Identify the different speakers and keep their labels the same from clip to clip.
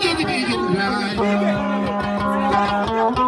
Speaker 1: Thank you.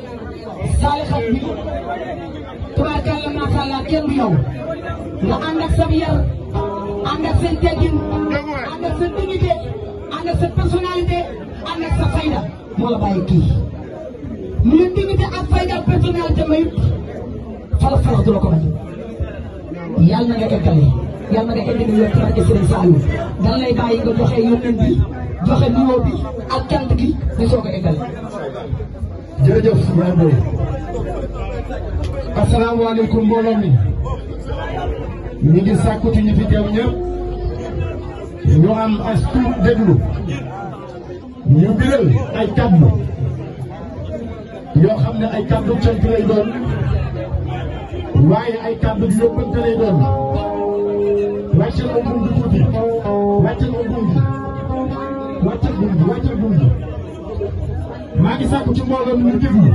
Speaker 2: Sénégal kenn du yow nga ànd ak sa ànd ak seen teggin ànd ak sa dignité ànd ak sa personnalité ànd ak sa fayda moo la bàyyi kii. mu ne dignité ak fayda ak personnalité mayut falax falax du la ko may yàlla na nga eggale yàlla na nga eggale yow rajo Serigne Saliou dan lay bàyyi nga joxe yónneen bi joxe nuyoo bi ak gi eggale. asalaamaaleykum mbooloo mi ñu ngi sàkku ci ñi fi teew ñëpp ñu am as tuut déglu ñu biral ay kàddu yoo xam ne ay kàddu cant lay doon waaye ay kàddu yóbbante lay doon wàccal ma buum bi tuuti wàccal ma buum bi wàccal buum bi wàccal buum bi maa ngi sàkku ci mbooloo mi ñu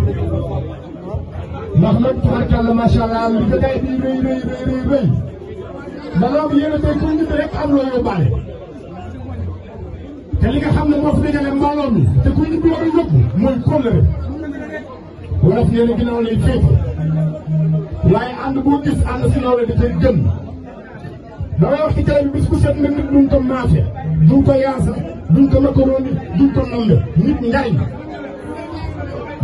Speaker 2: ndax nag tubarkàlla macha allah li ko day di rëy rëy rëy rëy balaa mu yéene tey pour nit rek am loo yóbbaale te li nga xam ne moo fi dajale mbooloo mi te ku ñu war a yóbbu mooy kóllëre wolof nee na ginnaaw lay féete waaye ànd boo gis ànd si nawle da cay gën damay wax ci télé bi bis ku set nga nit duñ ko maafe duñ yaasa duñ ko macaroni duñ ko nit njariñ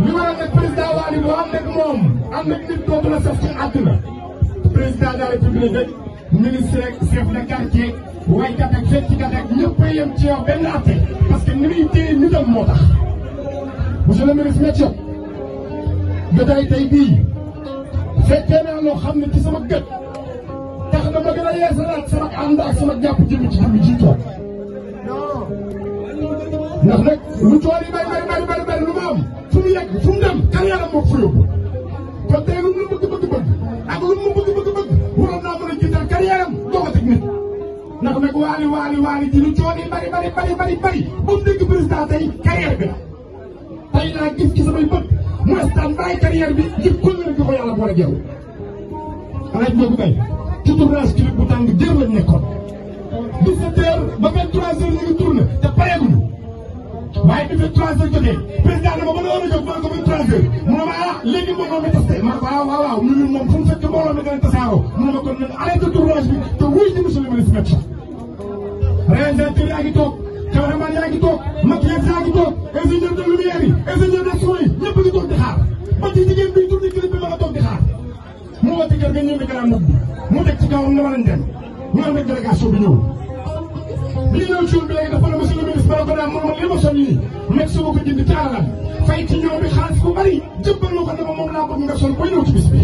Speaker 2: li ma la président Wally boo ànd ak moom ànd ak nit dootu la saf ci àdduna président de la république rek ministre rek chef de quartier waykat ak feccikat ak ñëpp a yem ci yow benn atte parce que ni muy téye nitam moo tax. monsieur le ministre Mathieu jotaay tey bii fekkee naa loo xam ne ci sama gët tax na ma gën a yeesalaat sama ànd ak sama jàpp jëmm ci jëmm ji toog ndax lu tool yi bari bari bari bari lu ma fu mu yàgg fu mu dem carrière moo ko fa yóbbu kon tey lu mu bëgg bëgg bëgg ak lu mu bëgg bëgg bëgg waroon naa mën a jiital carrière am doo ko teg nit ndax nag waali waali waali ji lu coono yi bari bari bari bari bari ba mu dégg président tey carrière bi la tey laa gis ci samay bët mu instant bàyyi carrière bi ngir kóllëre gi ko yàlla boole jaww alaaj Ndiogou Mbaye ci tournage clip bu tàng jër lañ nekkoon 17 heures ba 23 heures ñu ngi tourné te pareeguñu waaye bi fi trois heures jotee président dama mën a war a jóg mën ko ba trois mu ne ma ah léegi mbooloo mi tas de ma ne ko ah, waaw waaw ñu moom fu mu fekk mbooloo mi gën a mu ne ma kon nag arrêté tournage bi te wuy ci monsieur le ministre métti. réalisateur yaa ngi toog cameraman yaa ngi toog maquillage yaa ngi toog ingénieur de lumière yi ingénieur de son yi ñëpp ngi toog di xaar ba ci jigéen bi tourné clip bi ma nga toog di xaar mu wàcc kër nga ñëw di gën a mu teg ci li ñëw ci woon bi léegi la fay ci bi xaalis bu bëri jëbbal ma ko dama moom laa bëgg nga sol ba ñëw ci bis bi.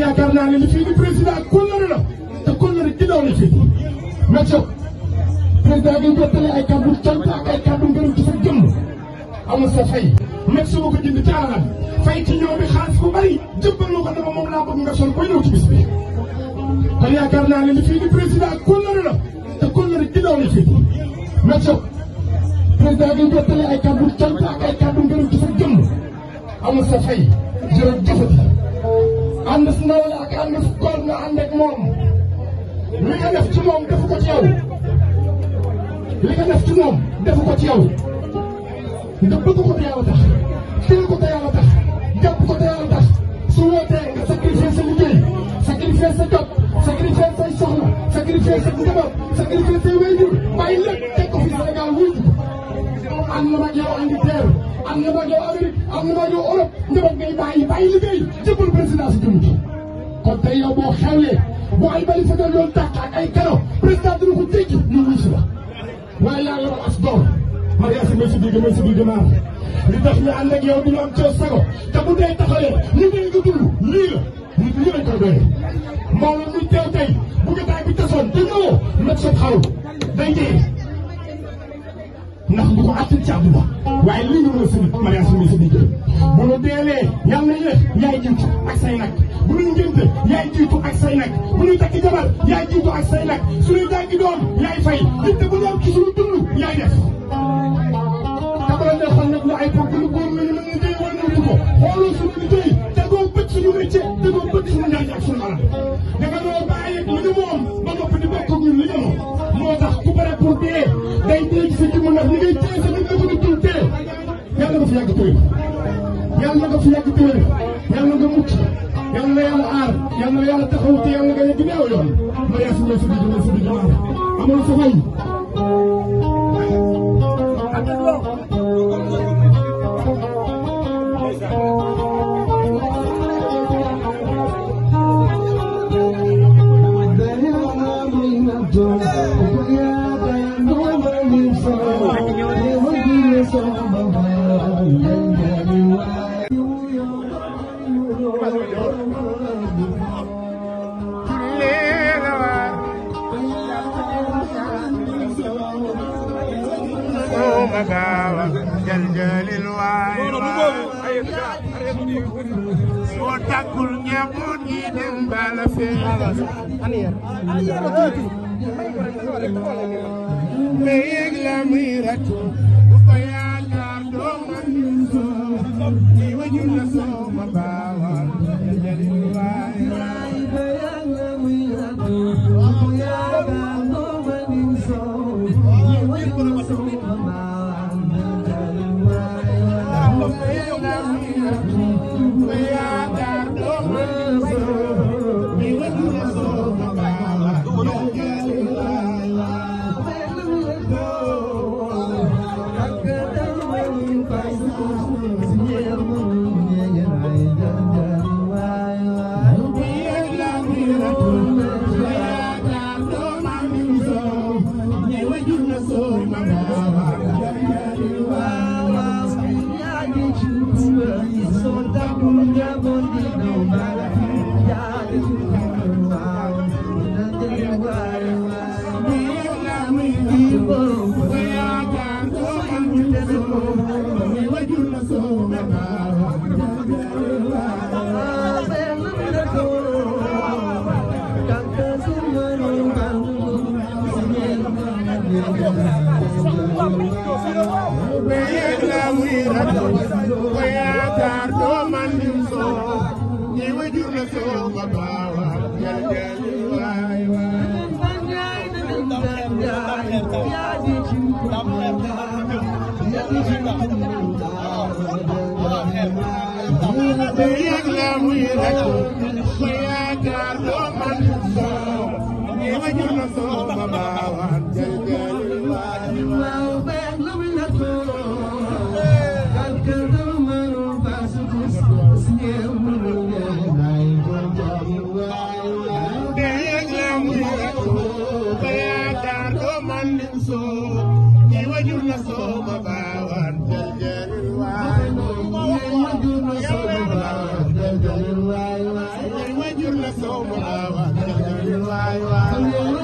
Speaker 2: yaakaar naa ne li fii di président ak kóllëre la te kóllëre gi doon na fii monsieur président gi jottali ay kàddu cant ak ay kàddu ngërëm ci sa jëmm amul sa fay. nekk su ma ko jënd taal la fay ci ñoom bi xaalis bu bëri jëbbal ma ko dama moom laa bëgg nga sol ba ñëw ci bis bi kon yaakaar naa ne li fii di président ak kóllëre la. loolu fii nag so président ak ay kàddu ngërëm ci sa jëmm amul sa fay jërëjëfati ànd si nawle ak ànd fu koor nga ànd ak moom li ko ci yow li nga def ci ko ci yow nga bëgg ko te yàlla tax téye ko te yàlla tax jàpp ko te yàlla tax su wootee nga sacrifier sa liggéey sacrifier sa jot sacrifier sa njaboot sacrifier ko fi Sénégal wuy am na mag yow Angleterre am na mag yow Amérique am na si jëm ci tey yow boo xewlee boo ay bali fa doon loolu tàkk ak ay karo président dina ko tekki ñu la waaye yaa ngi as door ma ngi askan may si biir may si biir maa li tax ñu ànd ak yow du ñu am coow sago te bu dee taxalee ñu ngi dund lii la nit ñi lañ ko doyee mbooloo mi teew dëggoo loxo xaw day dee ndax du ko attan ci àdduna waaye li ñu doon suñu mariage suñu suñu jël bu ñu deelee yàlla nañ la yaay jiitu ak yaay jiitu ak say bu ñu takki jabar yaay jiitu ak say nag suñu jàngi doom yaay fay ditte bu ñu am ci suñu dund yaay def. te bu la neexoon nag ñu ay pour bu ñu góor ñu ne ñu dee wala ñu ko xooloo suñu liggéey tegoo bët suñu métier tegoo bët suñu ñaan ak suñu yàgg tëwee yàlla na nga fi yàgg tëwee yàlla na nga mucc yàlla na yàlla aar yàlla na yàlla taxaw te yàlla nga yegg néew yoon. Maria Sow la fi di jëlee fi di jëlee amul fa
Speaker 1: magawa jaljalil waay soo takkul njaboot yi dem bala fee
Speaker 2: me yeg la muy rat
Speaker 1: bu ko yaakaar doo man ni wajul na soo ma baawa jaar doo man nim soo ñi wajur la soo ba baawa jal jal waay waay
Speaker 3: Thank you.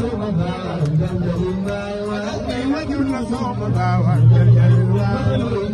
Speaker 1: Soma Bawa, Jai Jai Jai Jai Jai Jai Jai Jai Jai Jai Jai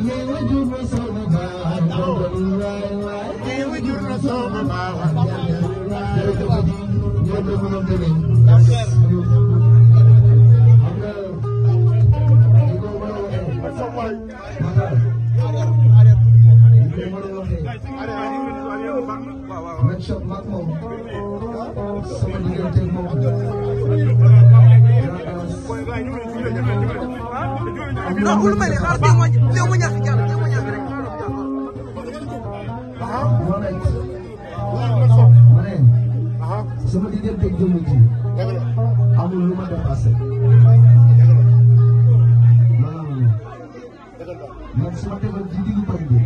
Speaker 1: non wul ma ne xaaral déew ma
Speaker 2: déew ma ñàkk jàll déew ma ñàkk rek
Speaker 3: xaaral jàll.
Speaker 2: sama diggante ak jëmm ji amul lu ma dépassé maanaam man su
Speaker 1: ma demoon ci diggu pari bi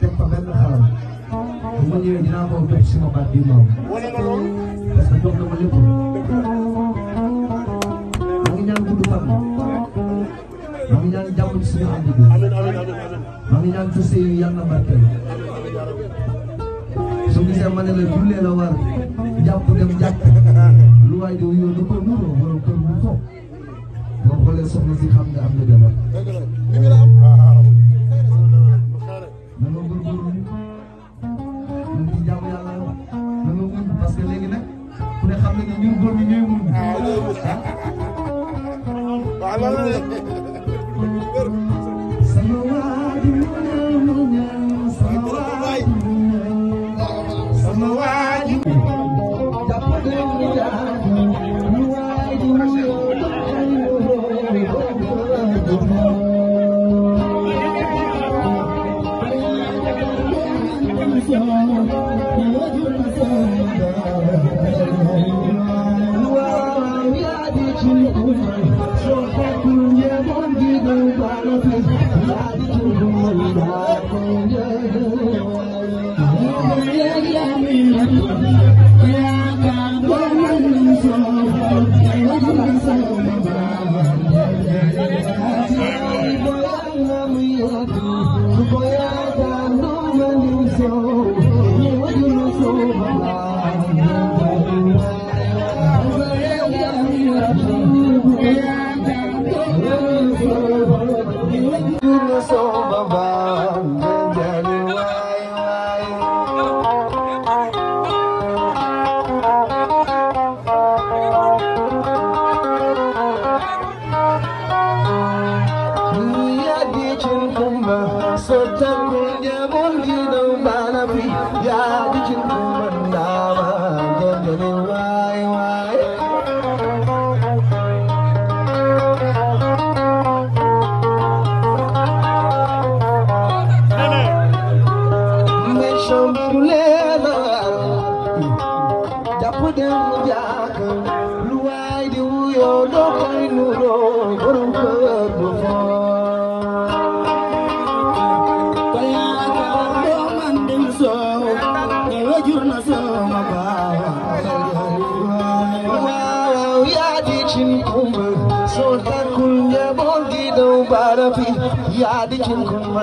Speaker 1: teg fa benn xalam bu ma ñëwee dinaa ko toog sama baat bi ma am ñaan sa sëy yal na barkeel su gisee ma dem jàpp lu waay di wuyoo da koy
Speaker 3: muuroo wala kër bu ko boo xoolee soxna si xam nga am na jabar
Speaker 1: na nga góorgóorlu ñu ngi ci jàmm yàlla na nga muñ parce que léegi ku ne xam ne ñun góor ñi ñooy muñ
Speaker 3: Thank you.
Speaker 1: ku dem mu jàkka lu waay di wuyoo doo koy nuroo borom kër bu foor ko yaakaar doo man dem soow ne wajur na soow ma baawa waaw yaa di cin kumba soo takkul njaboot gi daw baarabi
Speaker 3: yaa di cin kumba